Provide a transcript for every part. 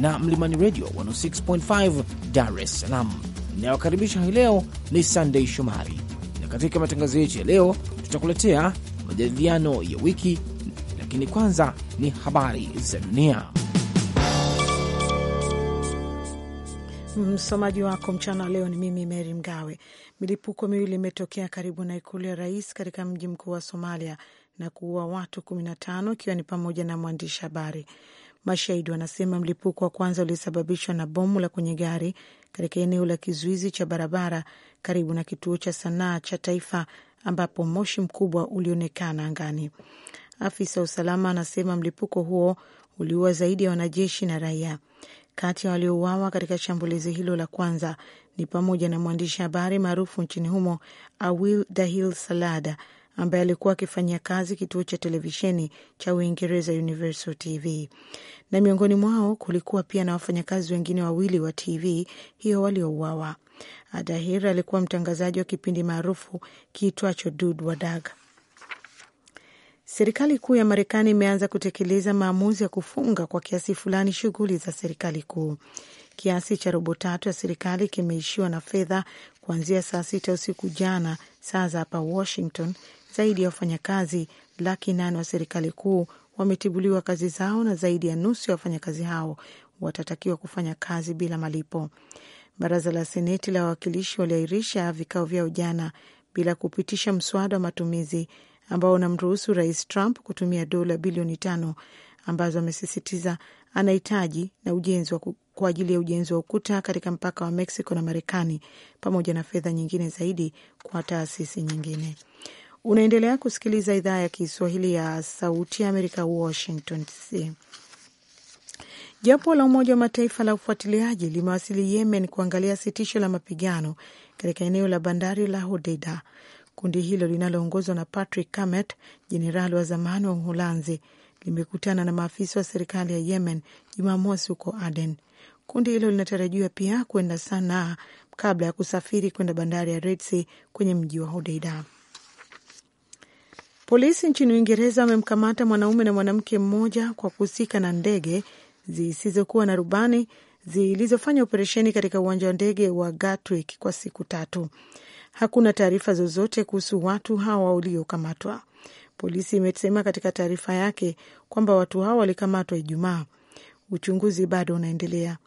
na Mlimani Radio 106.5 Dar es Salaam. Inayokaribisha hii leo ni Sandei Shomari, na katika matangazo yetu ya leo tutakuletea majadiliano ya wiki, lakini kwanza ni habari za dunia. Msomaji wako mchana leo ni mimi mery Mgawe. Milipuko miwili imetokea karibu na ikulu ya rais katika mji mkuu wa Somalia na kuua watu 15 ikiwa ni pamoja na mwandishi habari. Mashahidi wanasema mlipuko wa kwanza ulisababishwa na bomu la kwenye gari katika eneo la kizuizi cha barabara karibu na kituo cha sanaa cha taifa ambapo moshi mkubwa ulionekana angani. Afisa wa usalama anasema mlipuko huo uliua zaidi ya wanajeshi na raia. Kati ya waliouawa katika shambulizi hilo la kwanza ni pamoja na mwandishi habari maarufu nchini humo Awil Dahil Salada ambaye alikuwa akifanyia kazi kituo cha televisheni cha Uingereza Universal TV, na miongoni mwao kulikuwa pia na wafanyakazi wengine wawili wa TV hiyo waliouawa. Adahir alikuwa mtangazaji wa kipindi maarufu kiitwacho Dud Wadag. Serikali kuu ya Marekani imeanza kutekeleza maamuzi ya kufunga kwa kiasi fulani shughuli za serikali kuu. Kiasi cha robo tatu ya serikali kimeishiwa na fedha kuanzia saa sita usiku jana, saa za hapa Washington, zaidi ya wafanyakazi laki nane wa serikali kuu wametibuliwa kazi zao na zaidi ya nusu ya wafanyakazi hao watatakiwa kufanya kazi bila malipo. Baraza la Seneti la Wawakilishi waliahirisha vikao vyao jana bila kupitisha mswada wa matumizi ambao unamruhusu Rais Trump kutumia dola bilioni tano ambazo amesisitiza anahitaji na ujenzi wa kwa ajili ya ujenzi wa ukuta katika mpaka wa Mexico na Marekani pamoja na fedha nyingine zaidi kwa taasisi nyingine. Unaendelea kusikiliza idhaa ya Kiswahili ya Sauti ya Amerika, Washington DC. Jopo la Umoja wa Mataifa la ufuatiliaji limewasili Yemen kuangalia sitisho la mapigano katika eneo la bandari la Hodeida. Kundi hilo linaloongozwa na Patrick Camet, jenerali wa zamani wa Uholanzi, limekutana na maafisa wa serikali ya Yemen Jumamosi huko Aden. Kundi hilo linatarajiwa pia kwenda Sanaa kabla ya kusafiri kwenda bandari ya Red Sea kwenye mji wa Hodeida. Polisi nchini Uingereza wamemkamata mwanaume na mwanamke mmoja kwa kuhusika na ndege zisizokuwa na rubani zilizofanya operesheni katika uwanja wa ndege wa Gatwick kwa siku tatu. Hakuna taarifa zozote kuhusu watu hawa waliokamatwa. Polisi imesema katika taarifa yake kwamba watu hao walikamatwa Ijumaa. Uchunguzi bado unaendelea.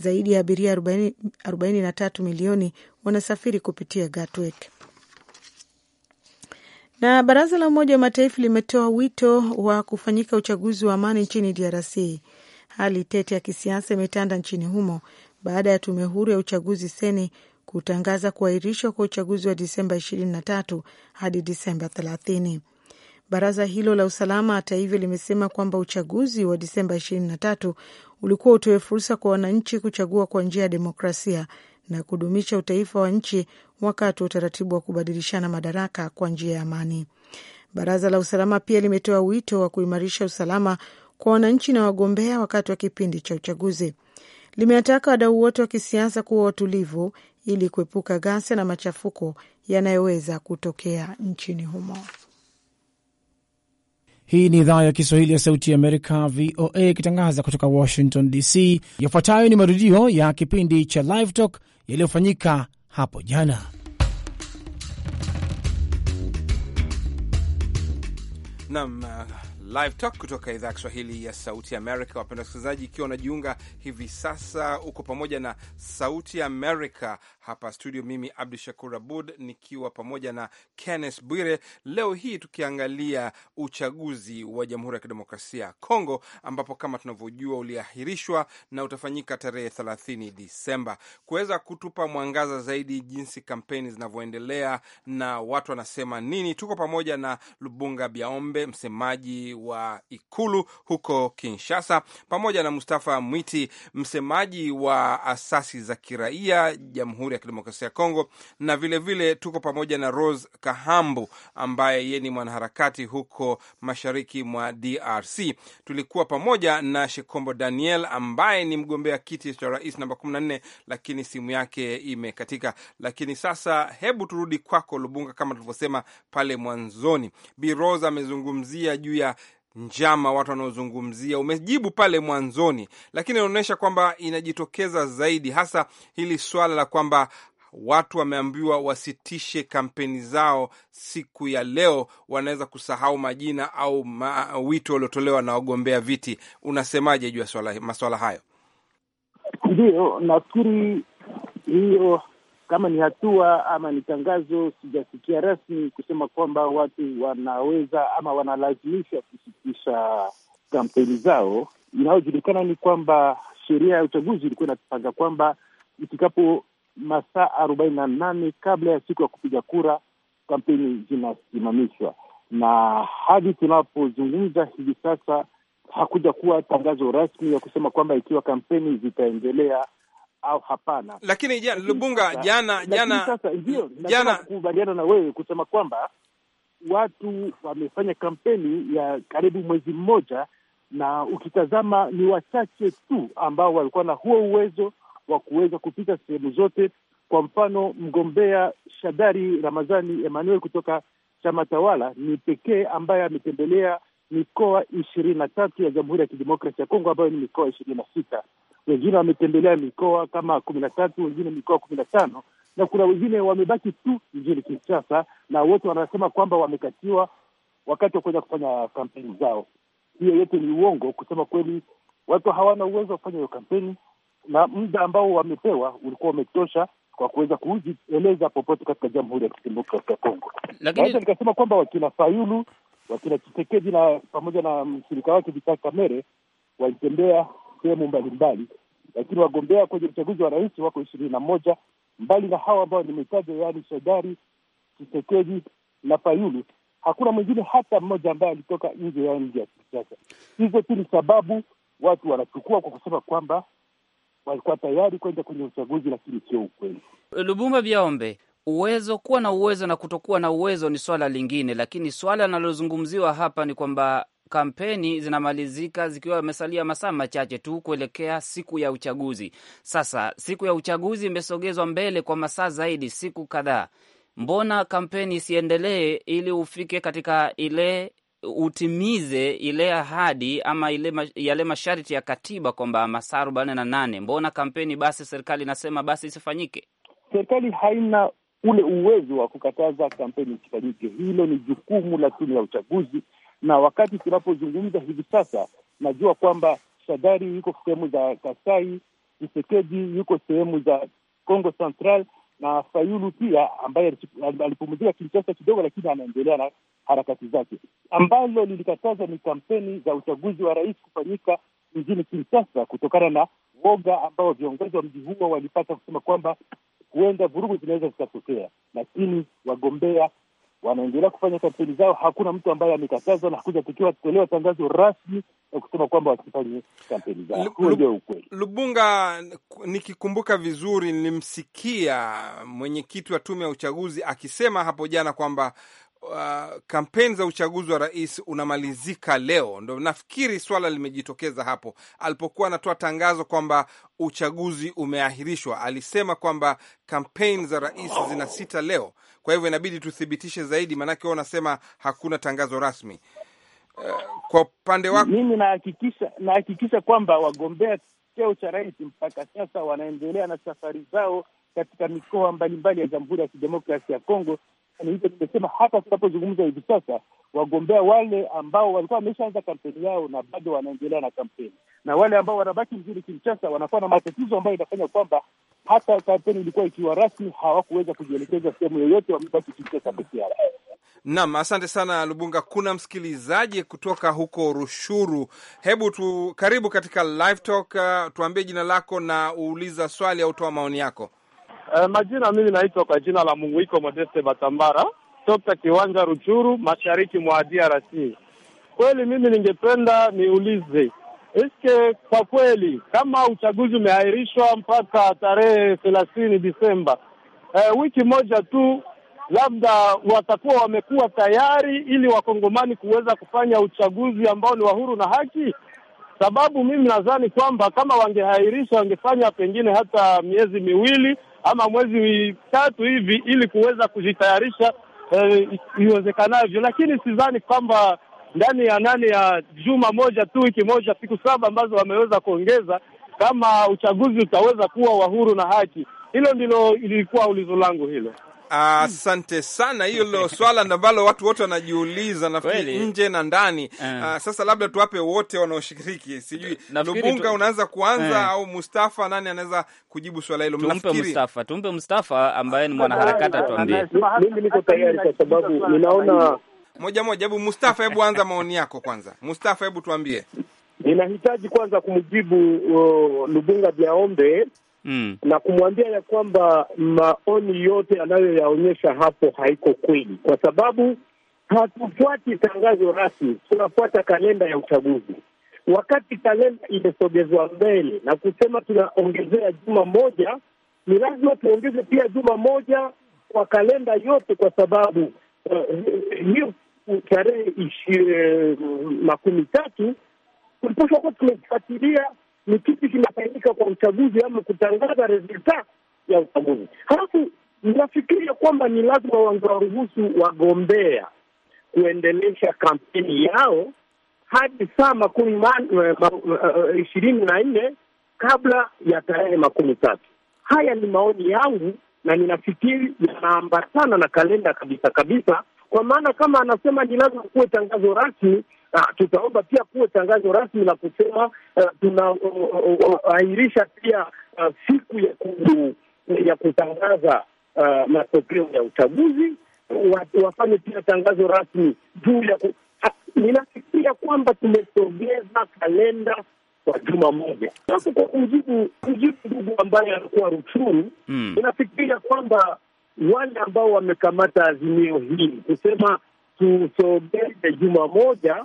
Zaidi ya abiria 43 milioni wanasafiri kupitia Gatwick. Na baraza la Umoja wa Mataifa limetoa wito wa kufanyika uchaguzi wa amani nchini DRC. Hali tete ya kisiasa imetanda nchini humo baada ya tume huru ya uchaguzi seni kutangaza kuahirishwa kwa uchaguzi wa Disemba 23 hadi Disemba 30. Baraza hilo la usalama, hata hivyo, limesema kwamba uchaguzi wa Disemba 23 ulikuwa utoe fursa kwa wananchi kuchagua kwa njia ya demokrasia na kudumisha utaifa wa nchi wakati wa utaratibu wa kubadilishana madaraka kwa njia ya amani. Baraza la usalama pia limetoa wito wa kuimarisha usalama kwa wananchi na wagombea wakati wa kipindi cha uchaguzi. Limewataka wadau wote wa kisiasa kuwa watulivu ili kuepuka ghasia na machafuko yanayoweza kutokea nchini humo. Hii ni idhaa ya Kiswahili ya Sauti ya Amerika, VOA, ikitangaza kutoka Washington DC. Yafuatayo ni marudio ya kipindi cha Live Talk yaliyofanyika hapo jana. Naam. Uh, Live Talk kutoka idhaa ya Kiswahili ya Sauti Amerika. Wapenda wasikilizaji, ikiwa unajiunga hivi sasa, uko pamoja na Sauti Amerika hapa studio, mimi Abdu Shakur Abud nikiwa pamoja na Kenneth Bwire, leo hii tukiangalia uchaguzi wa Jamhuri ya Kidemokrasia ya Kongo ambapo kama tunavyojua uliahirishwa na utafanyika tarehe 30 Disemba. Kuweza kutupa mwangaza zaidi jinsi kampeni zinavyoendelea na watu wanasema nini, tuko pamoja na Lubunga Biaombe, msemaji wa Ikulu huko Kinshasa, pamoja na Mustafa Mwiti, msemaji wa asasi za kiraia Jamhuri ya Kidemokrasia ya Kongo, na vilevile vile tuko pamoja na Rose Kahambu ambaye ye ni mwanaharakati huko mashariki mwa DRC. Tulikuwa pamoja na Shekombo Daniel ambaye ni mgombea kiti cha rais namba 14, lakini simu yake imekatika. Lakini sasa hebu turudi kwako Lubunga, kama tulivyosema pale mwanzoni, Bi Rose amezungumzia juu ya njama watu wanaozungumzia, umejibu pale mwanzoni, lakini inaonyesha kwamba inajitokeza zaidi, hasa hili swala la kwamba watu wameambiwa wasitishe kampeni zao siku ya leo, wanaweza kusahau majina au ma wito waliotolewa na wagombea viti. Unasemaje juu ya maswala hayo? Ndiyo, nafikiri hiyo kama ni hatua ama ni tangazo, sijasikia rasmi kusema kwamba watu wanaweza ama wanalazimishwa kusitisha kampeni zao. Inayojulikana ni kwamba sheria ya uchaguzi ilikuwa inapanga kwamba ifikapo masaa arobaini na nane kabla ya siku ya kupiga kura kampeni zinasimamishwa, na hadi tunapozungumza hivi sasa hakuja kuwa tangazo rasmi ya kusema kwamba ikiwa kampeni zitaendelea au hapana. Lakini ja, Lubunga jana jana sasa, ndio jana kubaliana na wewe kusema kwamba watu wamefanya kampeni ya karibu mwezi mmoja, na ukitazama ni wachache tu ambao walikuwa na huo uwezo wa kuweza kupita sehemu zote. Kwa mfano, mgombea Shadari ramadhani Emmanuel kutoka chama tawala ni pekee ambaye ametembelea mikoa ishirini na tatu ya Jamhuri ya Kidemokrasi ya Kongo ambayo ni mikoa ishirini na sita wengine wametembelea mikoa kama kumi na tatu wengine mikoa kumi na tano na kuna wengine wamebaki tu mjini Kinshasa, na wote wanasema kwamba wamekatiwa wakati wa kuweza kufanya kampeni zao. Hiyo yote ni uongo. Kusema kweli, watu hawana uwezo wa kufanya hiyo kampeni, na muda ambao wamepewa ulikuwa umetosha kwa kuweza kujieleza popote katika Jamhuri ya Kidemokrasia ya Kongo. Naweza nikasema kwamba wakina Fayulu, wakina Chisekedi na pamoja na mshirika wake Vital Kamerhe walitembea sehemu mbalimbali, lakini wagombea kwenye uchaguzi wa rais wako ishirini na moja. Mbali na hawa ambao nimetaja, yaani Shadari, Chisekedi na Fayulu, hakuna mwingine hata mmoja ambaye alitoka nje ya nje ya kisiasa. Hizo tu ni sababu watu wanachukua kwa kusema kwamba walikuwa tayari kwenda kwenye uchaguzi, lakini sio ukweli. Lubumba vyaombe uwezo kuwa na uwezo na kutokuwa na uwezo ni swala lingine, lakini swala linalozungumziwa hapa ni kwamba kampeni zinamalizika zikiwa imesalia masaa machache tu kuelekea siku ya uchaguzi. Sasa siku ya uchaguzi imesogezwa mbele kwa masaa zaidi, siku kadhaa. Mbona kampeni isiendelee ili ufike katika ile utimize ile ahadi ama ile yale masharti ya katiba kwamba masaa arobaini na nane. Mbona kampeni basi serikali inasema basi isifanyike? Serikali haina ule uwezo wa kukataza kampeni isifanyike. Hilo ni jukumu la tume ya uchaguzi na wakati tunapozungumza hivi sasa, najua kwamba Shadari yuko sehemu za Kasai, Chisekedi yuko sehemu za Congo Central na Fayulu pia ambaye alipumzika Kinshasa kidogo, lakini anaendelea na harakati zake. Ambalo lilikataza ni kampeni za uchaguzi wa rais kufanyika mjini Kinshasa kutokana na woga ambao viongozi wa mji huo walipata kusema kwamba huenda vurugu zinaweza zikatokea, lakini wagombea wanaendelea kufanya kampeni zao. Hakuna mtu ambaye amekataza na hakuja kutolewa tangazo rasmi ya kusema kwamba wasifanye kampeni zao. Huo ndio ukweli. Lubunga, nikikumbuka vizuri, nilimsikia mwenyekiti wa tume ya uchaguzi akisema hapo jana kwamba uh, kampeni za uchaguzi wa rais unamalizika leo, ndo nafikiri swala limejitokeza hapo. Alipokuwa anatoa tangazo kwamba uchaguzi umeahirishwa, alisema kwamba kampeni za rais zina sita leo, kwa hivyo inabidi tuthibitishe zaidi, maanake wao wanasema hakuna tangazo rasmi. Uh, kwa upande wako, mimi nahakikisha nahakikisha kwamba wagombea cheo cha rais mpaka sasa wanaendelea na safari zao katika mikoa mbalimbali ya Jamhuri ya Kidemokrasi ya Kongo hivyo nimesema hata tunapozungumza hivi sasa, wagombea wale ambao walikuwa wameshaanza kampeni yao na bado wanaendelea na kampeni, na wale ambao wanabaki mjini Kinshasa wanakuwa na matatizo ambayo inafanya kwamba hata kampeni ilikuwa ikiwa rasmi hawakuweza kujielekeza sehemu yoyote, wamebaki Kinshasa peke yao. Naam, asante sana Lubunga. Kuna msikilizaji kutoka huko Rushuru. Hebu tu karibu katika live talk, uh, tuambie jina lako na uuliza swali au toa maoni yako. Uh, majina mimi naitwa kwa jina la Munguiko Modeste Batambara toka kiwanja Ruchuru, mashariki mwa DRC. Kweli mimi ningependa niulize eske, kwa kweli kama uchaguzi umeahirishwa mpaka tarehe thelathini Disemba, uh, wiki moja tu labda watakuwa wamekuwa tayari ili wakongomani kuweza kufanya uchaguzi ambao ni wa huru na haki. Sababu mimi nadhani kwamba kama wangehairisha wangefanya pengine hata miezi miwili ama mwezi tatu hivi, ili kuweza kujitayarisha eh, iwezekanavyo, lakini sidhani kwamba ndani ya nane ya juma moja tu, wiki moja, siku saba ambazo wameweza kuongeza, kama uchaguzi utaweza kuwa wa huru na haki. Hilo ndilo ilikuwa ulizo langu hilo. Asante sana, hilo swala ambalo watu wote wanajiuliza, nafikiri nje na ndani. Uh, sasa labda tuwape wote wanaoshiriki, sijui Lubunga tu... unaanza kuanza uh, au Mustafa, nani anaweza kujibu swala hilo? Mnafikiri Mustafa, tumpe Mustafa ambaye ni mwanaharakati atuambie. Mimi niko tayari kwa sababu ninaona moja moja. Hebu Mustafa, hebu anza maoni yako kwanza. Mustafa, hebu tuambie. Ninahitaji kwanza kumjibu uh, Lubunga Biaombe mm, na kumwambia ya kwamba maoni yote anayoyaonyesha hapo haiko kweli, kwa sababu hatufuati tangazo rasmi, tunafuata kalenda ya uchaguzi. Wakati kalenda imesogezwa mbele na kusema tunaongezea juma moja, ni lazima tuongeze pia juma moja kwa kalenda yote, kwa sababu eh, hiyo uh, tarehe eh, makumi tatu tulipaswa kuwa tumefuatilia ni kipi kinafanyika kwa uchaguzi ama kutangaza resulta ya uchaguzi. Halafu nafikiria kwamba ni lazima wangewaruhusu wagombea kuendelesha kampeni yao hadi saa makumi eh, eh, ishirini na nne kabla ya tarehe makumi tatu. Haya ni maoni yangu na ninafikiri yanaambatana na kalenda kabisa kabisa, kwa maana kama anasema ni lazima kuwe tangazo rasmi Ah, tutaomba pia kuwe tangazo rasmi la kusema uh, eh, tunaahirisha uh, uh, pia uh, siku ya, eh, ya kutangaza uh, matokeo ya uchaguzi wafanye pia tangazo rasmi juu ya ku... Ninafikiria kwamba tumesogeza kalenda kwa juma moja sasa. Kwa kujibu kujibu ndugu ambaye alikuwa Ruchuru, hmm. ninafikiria kwamba wale ambao wamekamata azimio hili kusema tusogeze juma moja,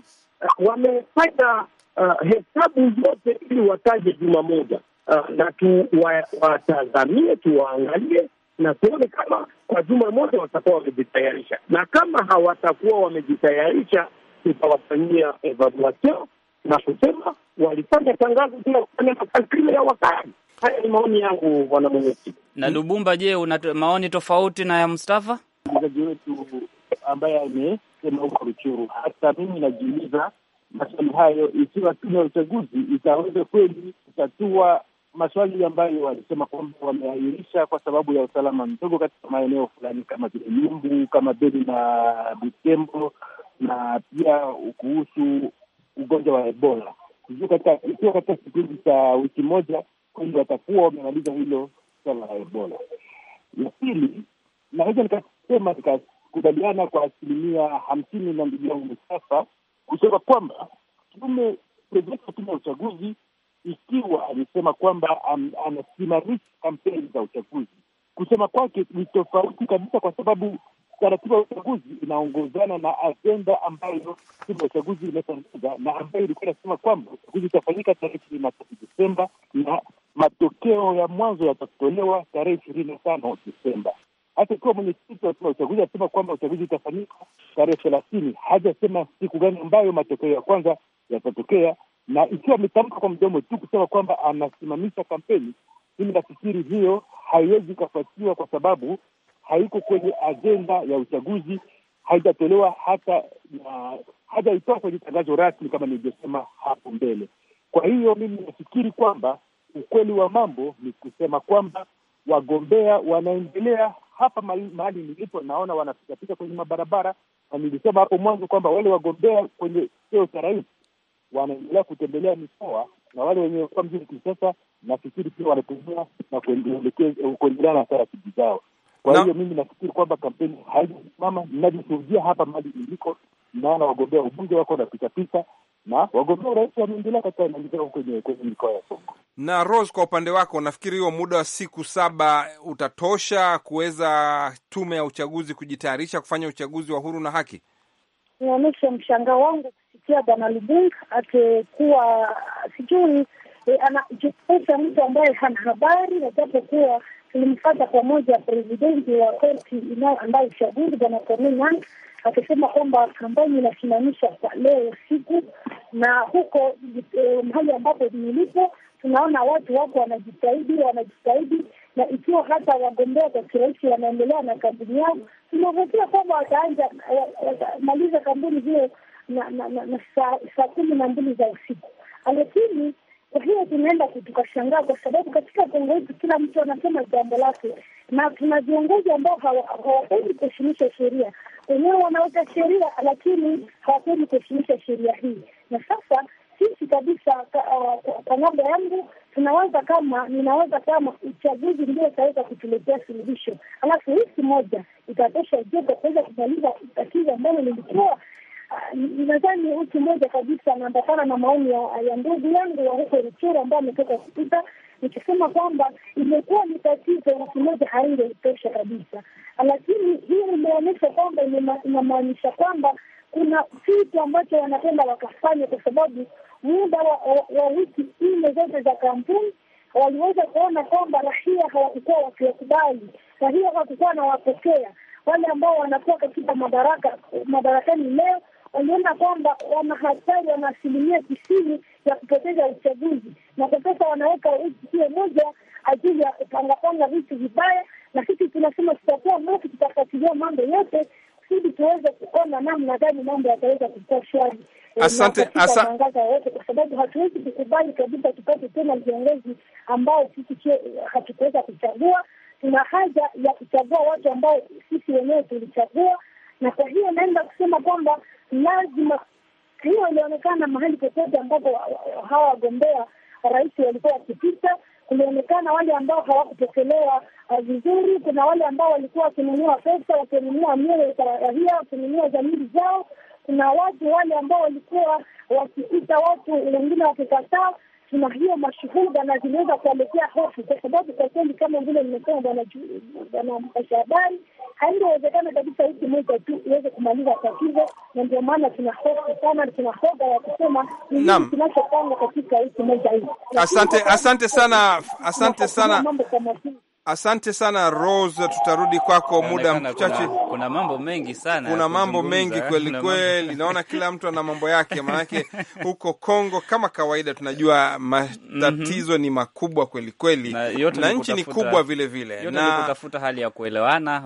eh, wamefanya uh, hesabu zote ili wataje juma moja uh, eh, na tuwatazamie wa, tuwaangalie na tuone kama kwa juma moja watakuwa wamejitayarisha, na kama hawatakuwa wamejitayarisha, tutawafanyia evaluation na kusema walifanya tangazo bila kufanya makadirio ya wakati. Haya ni maoni yangu, bwana mwenyekiti. Na Lubumba, je, una maoni tofauti na ya Mustafa mzaji wetu? ambaye amesema huko Ruchuru. Hata mimi najiuliza maswali hayo, ikiwa tume ya uchaguzi itaweza kweli kutatua maswali ambayo walisema kwamba wameahirisha kwa sababu ya usalama mdogo katika maeneo fulani kama vile Nyumbu, kama Beni na Butembo, na pia kuhusu ugonjwa wa Ebola. Ikiwa katika kipindi cha wiki moja kweli watakuwa wamemaliza hilo swala la Ebola. La pili naweza nikasema kukubaliana kwa asilimia hamsini na mbili yangu sasa kusema kwamba tume prezidenti wa tume ya uchaguzi ikiwa alisema kwamba um, kampeni za uchaguzi. Kusema kwake ni tofauti kabisa, kwa sababu taratibu ya uchaguzi inaongozana na ajenda ambayo tume ya uchaguzi imetangaza na ambayo ilikuwa inasema kwamba uchaguzi utafanyika tarehe ishirini na tatu Desemba na matokeo ya mwanzo yatatolewa tarehe ishirini na tano Desemba hata ikiwa mwenyekiti wa tume ya uchaguzi alisema kwamba uchaguzi utafanyika tarehe thelathini, hajasema siku gani ambayo matokeo ya kwanza yatatokea. Na ikiwa ametamka kwa mdomo tu kusema kwamba anasimamisha kampeni, mimi nafikiri hiyo haiwezi ikafuatiwa kwa sababu haiko kwenye ajenda ya uchaguzi, haijatolewa hata na hajaitoa kwenye tangazo rasmi kama nilivyosema hapo mbele. Kwa hiyo mimi nafikiri kwamba ukweli wa mambo ni kusema kwamba wagombea wanaendelea hapa mahali nilipo naona wanapikapika kwenye mabarabara, na nilisema hapo mwanzo kwamba wale wagombea kwenye cheo cha rais wanaendelea kutembelea mikoa na wale wenye kuwa mjini Kinshasa nafikiri pia wanatembea na kuendelea na taratibu zao. Kwa hiyo mimi nafikiri kwamba kampeni haijasimama. Ninavyoshuhudia hapa mali iliko, naona wagombea ubunge wako na pikapika na wagombea urais wameendelea katika nani zao kwenye mikoa ya songo na Rose, kwa upande wako, nafikiri huo muda wa siku saba utatosha kuweza tume ya uchaguzi kujitayarisha kufanya uchaguzi wa huru na haki? Nionyeshe mshangao wangu kusikia bwana Lubung akikuwa sijui E, anajiuza mtu ambaye hana habari, na japo kuwa tulimfata pamoja presidenti wa koti inayoandaa uchaguzi bwana Corneille akisema kwamba kampeni inasimamisha kwa leo siku na huko e, mahali ambapo nilipo tunaona watu wako wanajitahidi, wanajitahidi, na ikiwa hata wagombea kwa kirahisi wanaendelea na kampuni yao, tunavutia kwamba wataanza wamaliza kampuni hiyo na, na, na, na saa kumi na mbili za usiku. Lakini kwa hiyo tunaenda tukashangaa, kwa sababu katika Kongo yetu kila mtu anasema jambo lake, na tuna viongozi ambao hawapendi kuheshimisha sheria. Wenyewe wanaweka sheria, lakini hawapendi kuheshimisha sheria hii, na sasa sisi kabisa uh, kwa namba yangu tunaweza kama ninaweza kama uchaguzi ndio utaweza kutuletea suluhisho, alafu wiki moja itatosha jogo kuweza kumaliza tatizo ambalo lilikuwa uh, nadhani wiki moja kabisa. Naambatana na maoni ya ndugu yangu wa huko Ruchuru ambayo ametoka kupita nikisema kwamba imekuwa ni tatizo, wiki moja haingetosha kabisa, lakini hii imeonyesha kwamba inamaanisha kwamba kuna kitu ambacho wanapenda wakafanya, kwa sababu muda wa, wa, wa wiki nne zote za kampuni waliweza kuona kwamba rahia hawakukuwa wakiwakubali, rahia hawakukuwa nawapokea wale ambao wanakuwa katika madaraka madarakani leo waliona kwamba wana hatari, wana asilimia tisini ya kupoteza uchaguzi, na kwa sasa wanaweka wiki hiyo moja ajili ya kupangapanga vitu vibaya, na sisi tunasema tutakuwa moto, tutafuatilia mambo yote ili tuweze kuona namna gani mambo yataweza kukua shwari. Asante, wote kwa sababu hatuwezi kukubali kabisa tupate tena viongozi ambao sisi hatukuweza kuchagua. Tuna haja ya kuchagua watu ambao sisi wenyewe tulichagua, na kwa hiyo naenda kusema kwamba lazima hiyo ilionekana mahali popote ambapo hawa wagombea rais walikuwa wakipita kulionekana wale ambao hawakupokelewa eh, vizuri. Kuna wale ambao walikuwa wakinunua pesa, wakinunua mioyo ya raia, wakinunua dhamiri zao. Kuna watu wale ambao walikuwa wakipita watu wengine wakikataa tuna hiyo mashuhuda na zinaweza kuelekea hofu, kwa sababu kwa kweli kama vile nimesema bwana mpasha habari, haingewezekana kabisa wiki moja tu iweze kumaliza tatizo, na ndio maana tuna hofu sana, tuna hoga ya kusema nini kinachopanga katika wiki moja hii. Asante, asante sana, asante sana. Asante sana Rose, tutarudi kwako muda mchache. Kuna, kuna mambo mengi sana, kuna mambo eh? mengi kweli kweli. Naona kila mtu ana mambo yake, maanake huko Kongo kama kawaida tunajua matatizo mm -hmm. ni makubwa kweli kweli, na, na nchi ni kubwa vile vile, yote na kutafuta hali ya kuelewana,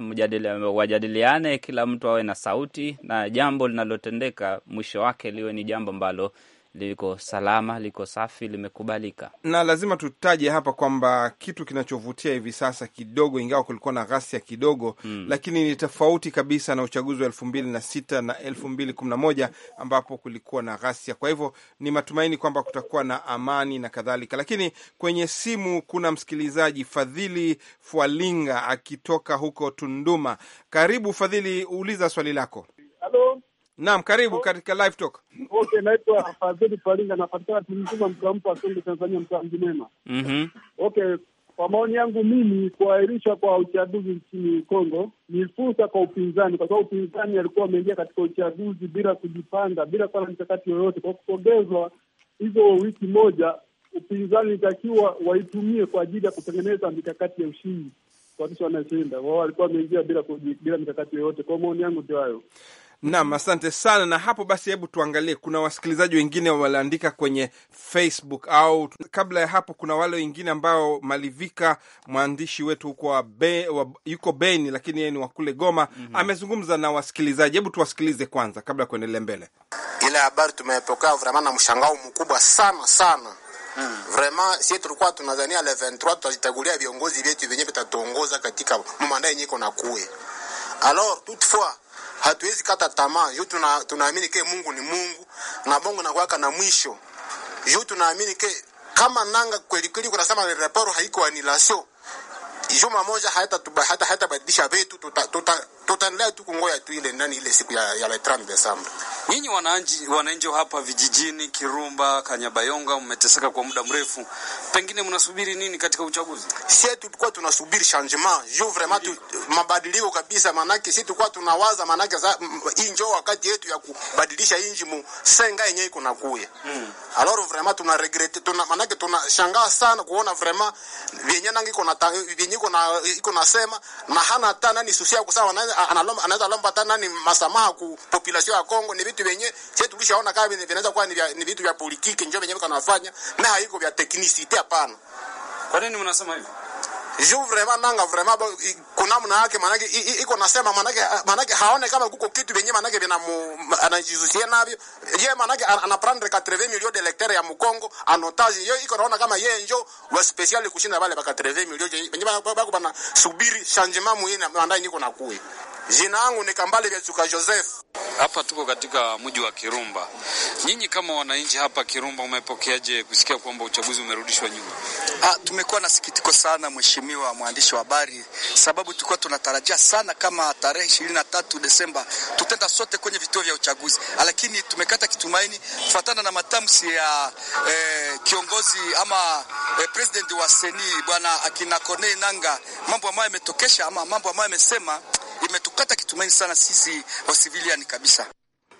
wajadiliane, kila mtu awe na sauti, na jambo linalotendeka mwisho wake liwe ni jambo ambalo liko salama, liko safi, limekubalika. Na lazima tutaje hapa kwamba kitu kinachovutia hivi sasa kidogo, ingawa kulikuwa na ghasia kidogo mm, lakini ni tofauti kabisa na uchaguzi wa elfu mbili na sita na elfu mbili kumi na moja ambapo kulikuwa na ghasia. Kwa hivyo ni matumaini kwamba kutakuwa na amani na kadhalika. Lakini kwenye simu kuna msikilizaji Fadhili Fwalinga akitoka huko Tunduma. Karibu Fadhili, uliza swali lako. Hello. Naam, karibu oh. katika live talk. Okay, naitwa Fadhili Palinga, napatikana Tunduma, mkampa Songwe, Tanzania, mtaa mji mema. Mhm, okay. Kwa maoni yangu mimi, kuahirishwa kwa uchaguzi nchini Kongo ni fursa kwa upinzani, kwa sababu upinzani alikuwa ameingia katika uchaguzi bila kujipanga, bila kuwa na mikakati yoyote. Kwa kusogezwa hizo wiki moja, upinzani itakiwa waitumie kwa ajili ya kutengeneza mikakati ya ushindi kuhakikisha wanashinda. Wao walikuwa wameingia bila bila mikakati yoyote. Kwa maoni yangu ndio hayo. Naam, asante sana. Na hapo basi, hebu tuangalie, kuna wasikilizaji wengine waliandika kwenye Facebook au kabla ya hapo, kuna wale wengine ambao Malivika, mwandishi wetu huko wa be, wa, yuko Beni, lakini yeye ni wa kule Goma mm -hmm. amezungumza na wasikilizaji. Hebu tuwasikilize kwanza kabla ya kuendelea mbele. Ile habari tumepokea vraiment na mshangao mkubwa sana sana Hmm. Vraiment si tulikuwa le 23 viongozi vyetu vitatuongoza katika mumanda yenye iko na Alors toutefois hatuwezi kata tamaa juu tuna, tunaamini ke Mungu ni Mungu na bongo nakwaka na mwisho juu tunaamini ke kama nanga kweli kweli kunasema reparo haiko anilasio juma moja hata hata hata badilisha vitu, tutaendelea tuta, tuta tu kungoja tu ile ndani ile siku ya, ya 30 Desemba. Nyinyi wananchi wananchi hapa vijijini Kirumba, Kanyabayonga, mmeteseka kwa muda mrefu, pengine mnasubiri nini katika uchaguzi? Sisi tulikuwa tunasubiri changement jo vraiment mabadiliko kabisa, manake sisi tulikuwa tunawaza, manake hii njo wakati yetu ya kubadilisha inji mu senga yenyewe iko na kuya mm. Alors vraiment tuna regret tuna, manake tunashangaa sana kuona vraiment vyenye nangi iko na vyenye iko na iko nasema na hana hata nani susia kusema anaweza lomba hata nani masamaha ku population ya Kongo ni vitu vitu vyenye sisi tulishaona kama vinaweza kuwa ni vitu vya politiki njoo wenyewe kanafanya na haiko vya technicity hapana. Kwa nini mnasema hivyo? Juu vraiment nanga vraiment kuna mna yake manake iko nasema manake manake haone kama kuko kitu venye manake vina anajizusia navyo. Je, manake ana prendre 80 millions de lecteurs ya Mkongo otage. Yeye iko naona kama yeye njo wa special kushinda wale ba 80 millions milioni. Venye bana subiri changement mwingine ndani iko na kui. Jina langu ni Kambale Byachuka Joseph. Hapa tuko katika mji wa Kirumba. Nyinyi kama wananchi hapa Kirumba, umepokeaje kusikia kwamba uchaguzi umerudishwa nyuma? Ah, tumekuwa na sikitiko sana mheshimiwa mwandishi wa habari, sababu tulikuwa tunatarajia sana kama tarehe 23 Desemba tutenda sote kwenye vituo vya uchaguzi, ah, lakini tumekata kitumaini kufuatana na matamshi ya eh, kiongozi ama eh, president wa seni bwana akina Kone Nanga, mambo ambayo yametokesha ama mambo ambayo yamesema limetukata kitumaini sana sisi civilian kabisa.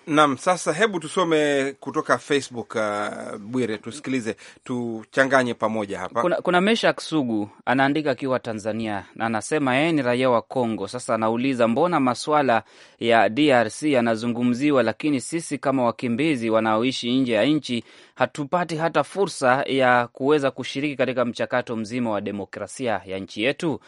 Naam, sasa hebu tusome kutoka Facebook. Uh, Bwire, tusikilize, tuchanganye pamoja hapa. Kuna, kuna Mesha Ksugu anaandika akiwa Tanzania na anasema yeye ni raia wa congo Sasa anauliza mbona maswala ya DRC yanazungumziwa, lakini sisi kama wakimbizi wanaoishi nje ya nchi hatupati hata fursa ya kuweza kushiriki katika mchakato mzima wa demokrasia ya nchi yetu.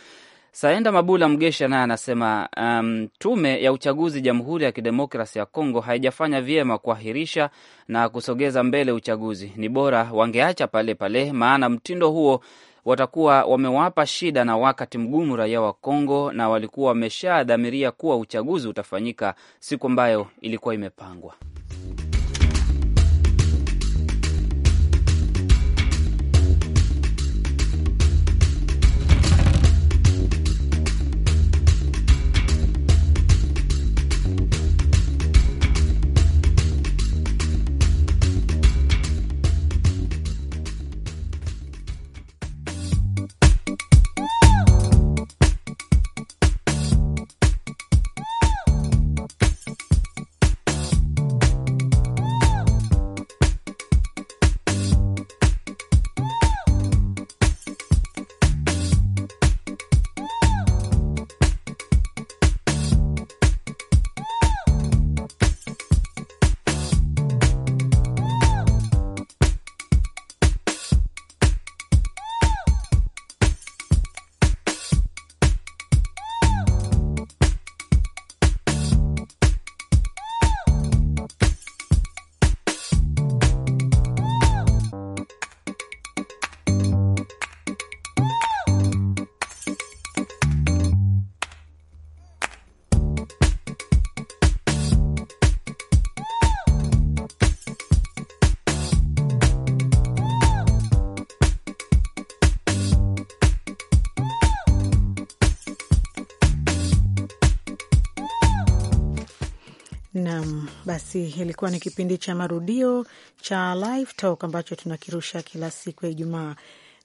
Saenda Mabula Mgesha naye anasema um, tume ya uchaguzi Jamhuri ya Kidemokrasi ya Kongo haijafanya vyema kuahirisha na kusogeza mbele uchaguzi. Ni bora wangeacha pale pale, maana mtindo huo watakuwa wamewapa shida na wakati mgumu raia wa Kongo, na walikuwa wameshadhamiria kuwa uchaguzi utafanyika siku ambayo ilikuwa imepangwa. Nam, basi ilikuwa ni kipindi cha marudio cha Live Talk ambacho tunakirusha kila siku ya Ijumaa,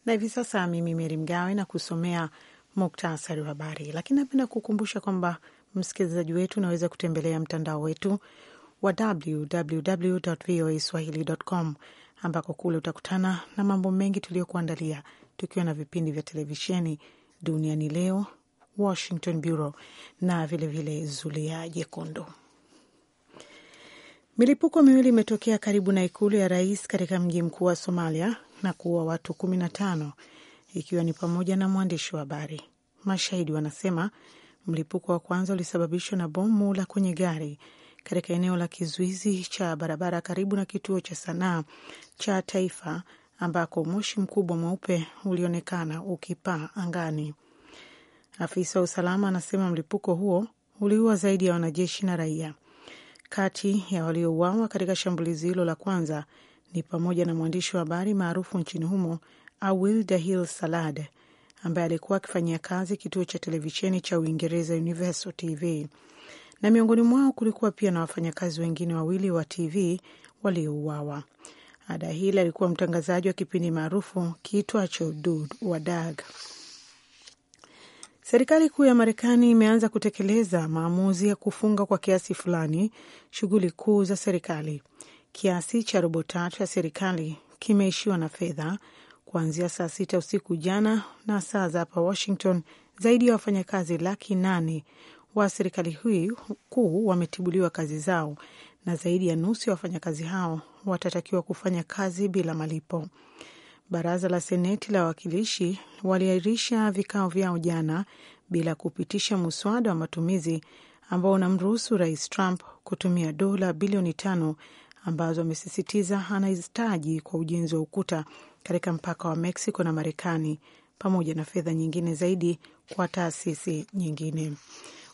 na hivi sasa mimi Meri Mgawe na kusomea muktasari wa habari. Lakini napenda kukumbusha kwamba msikilizaji wetu unaweza kutembelea mtandao wetu wa www voa swahili.com, ambako kule utakutana na mambo mengi tuliyokuandalia, tukiwa na vipindi vya televisheni Duniani Leo, Washington Bureau na vilevile vile Zulia Jekundu. Milipuko miwili imetokea karibu na ikulu ya rais katika mji mkuu wa Somalia na kuua watu kumi na tano ikiwa ni pamoja na mwandishi wa habari. Mashahidi wanasema mlipuko wa kwanza ulisababishwa na bomu la kwenye gari katika eneo la kizuizi cha barabara karibu na kituo cha sanaa cha taifa ambako moshi mkubwa mweupe ulionekana ukipaa angani. Afisa wa usalama anasema mlipuko huo uliua zaidi ya wanajeshi na raia kati ya waliouawa katika shambulizi hilo la kwanza ni pamoja na mwandishi wa habari maarufu nchini humo Awil Dahil Salad ambaye alikuwa akifanyia kazi kituo cha televisheni cha Uingereza Universal TV, na miongoni mwao kulikuwa pia na wafanyakazi wengine wawili wa TV waliouawa. adahil alikuwa mtangazaji wa kipindi maarufu kiitwacho Dud wa Dag. Serikali kuu ya Marekani imeanza kutekeleza maamuzi ya kufunga kwa kiasi fulani shughuli kuu za serikali. Kiasi cha robo tatu ya serikali kimeishiwa na fedha kuanzia saa sita usiku jana na saa za hapa Washington. Zaidi ya wafanyakazi laki nane wa serikali hii kuu wametibuliwa kazi zao na zaidi ya nusu ya wafanyakazi hao watatakiwa kufanya kazi bila malipo. Baraza la Seneti la Wawakilishi waliahirisha vikao vyao jana bila kupitisha muswada wa matumizi ambao unamruhusu Rais Trump kutumia dola bilioni tano ambazo amesisitiza anahitaji kwa ujenzi wa ukuta katika mpaka wa Mexico na Marekani, pamoja na fedha nyingine zaidi kwa taasisi nyingine.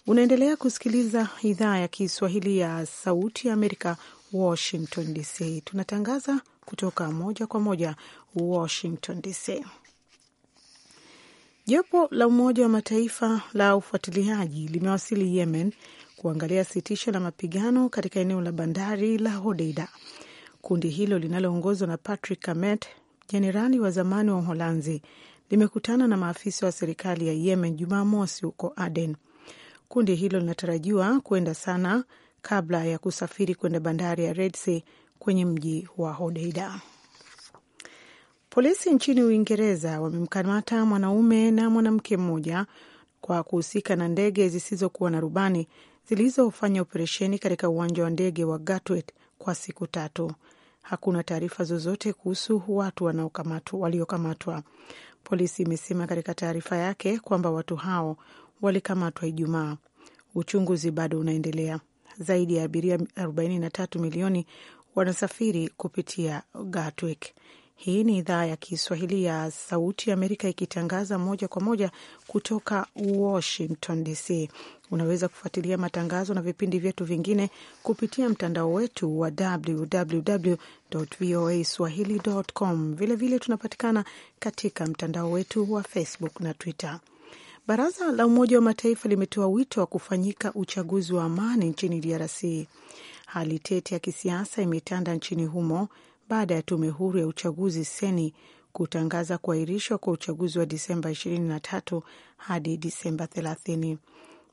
Unaendelea kusikiliza idhaa ya Kiswahili ya Sauti ya Amerika Washington DC. Tunatangaza kutoka moja kwa moja Washington DC. Jopo la Umoja wa Mataifa la ufuatiliaji limewasili Yemen kuangalia sitisho la mapigano katika eneo la bandari la Hodeida. Kundi hilo linaloongozwa na Patrick Camet, jenerali wa zamani wa Uholanzi, limekutana na maafisa wa serikali ya Yemen Jumaa mosi huko Aden. Kundi hilo linatarajiwa kwenda Sana kabla ya kusafiri kwenda bandari ya Red Sea kwenye mji wa Hodeida. Polisi nchini Uingereza wamemkamata mwanaume na mwanamke mmoja kwa kuhusika na ndege zisizokuwa na rubani zilizofanya operesheni katika uwanja wa ndege wa Gatwick kwa siku tatu. Hakuna taarifa zozote kuhusu watu waliokamatwa. Polisi imesema katika taarifa yake kwamba watu hao walikamatwa Ijumaa. Uchunguzi bado unaendelea zaidi ya abiria 43 milioni wanasafiri kupitia Gatwick. Hii ni idhaa ya Kiswahili ya Sauti Amerika ikitangaza moja kwa moja kutoka Washington DC. Unaweza kufuatilia matangazo na vipindi vyetu vingine kupitia mtandao wetu wa www voa swahili com. Vilevile tunapatikana katika mtandao wetu wa Facebook na Twitter. Baraza la Umoja wa Mataifa limetoa wito wa kufanyika uchaguzi wa amani nchini DRC. Hali tete ya kisiasa imetanda nchini humo baada ya tume huru ya uchaguzi seni kutangaza kuahirishwa kwa uchaguzi wa Disemba 23 hadi Disemba 30.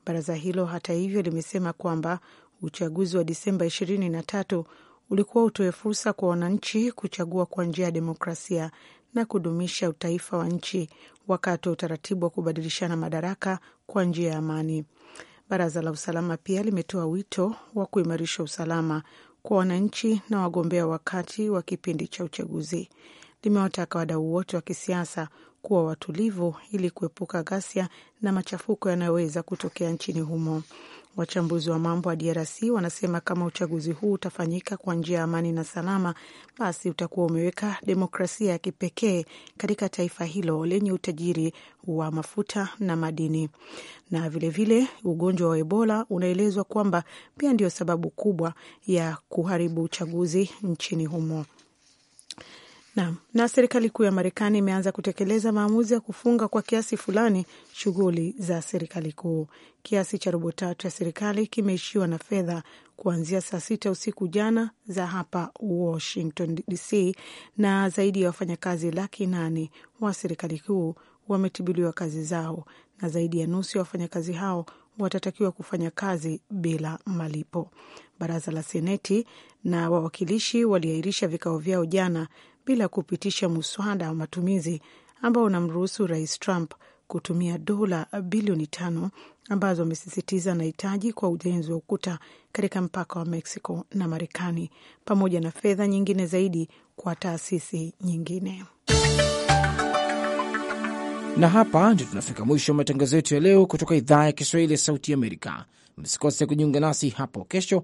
Baraza hilo hata hivyo limesema kwamba uchaguzi wa Disemba 23 ulikuwa utoe fursa kwa wananchi kuchagua kwa njia ya demokrasia na kudumisha utaifa wa nchi wakati wa utaratibu wa kubadilishana madaraka kwa njia ya amani. Baraza la usalama pia limetoa wito wa kuimarisha usalama kwa wananchi na wagombea wakati wa kipindi cha uchaguzi. Limewataka wadau wote wa kisiasa kuwa watulivu ili kuepuka ghasia na machafuko yanayoweza kutokea nchini humo. Wachambuzi wa mambo wa DRC wanasema kama uchaguzi huu utafanyika kwa njia ya amani na salama, basi utakuwa umeweka demokrasia ya kipekee katika taifa hilo lenye utajiri wa mafuta na madini. Na vilevile vile, ugonjwa wa Ebola unaelezwa kwamba pia ndio sababu kubwa ya kuharibu uchaguzi nchini humo. Naam. Na serikali kuu ya Marekani imeanza kutekeleza maamuzi ya kufunga kwa kiasi fulani shughuli za serikali kuu. Kiasi cha robo tatu ya serikali kimeishiwa na fedha kuanzia saa sita usiku jana za hapa Washington DC, na zaidi ya wafanyakazi laki nane wa serikali kuu wametibuliwa kazi zao, na zaidi ya nusu ya wafanyakazi hao watatakiwa kufanya kazi bila malipo. Baraza la Seneti na wawakilishi waliahirisha vikao vyao jana bila kupitisha muswada wa matumizi ambao unamruhusu Rais Trump kutumia dola bilioni tano ambazo na anahitaji kwa ujenzi wa ukuta katika mpaka wa Mexico na Marekani, pamoja na fedha nyingine zaidi kwa taasisi nyingine. Na hapa ndio tunafika mwisho wa matangazo yetu ya leo kutoka idhaa ya Kiswahili ya Sauti Amerika. Msikose kujiunga nasi hapo kesho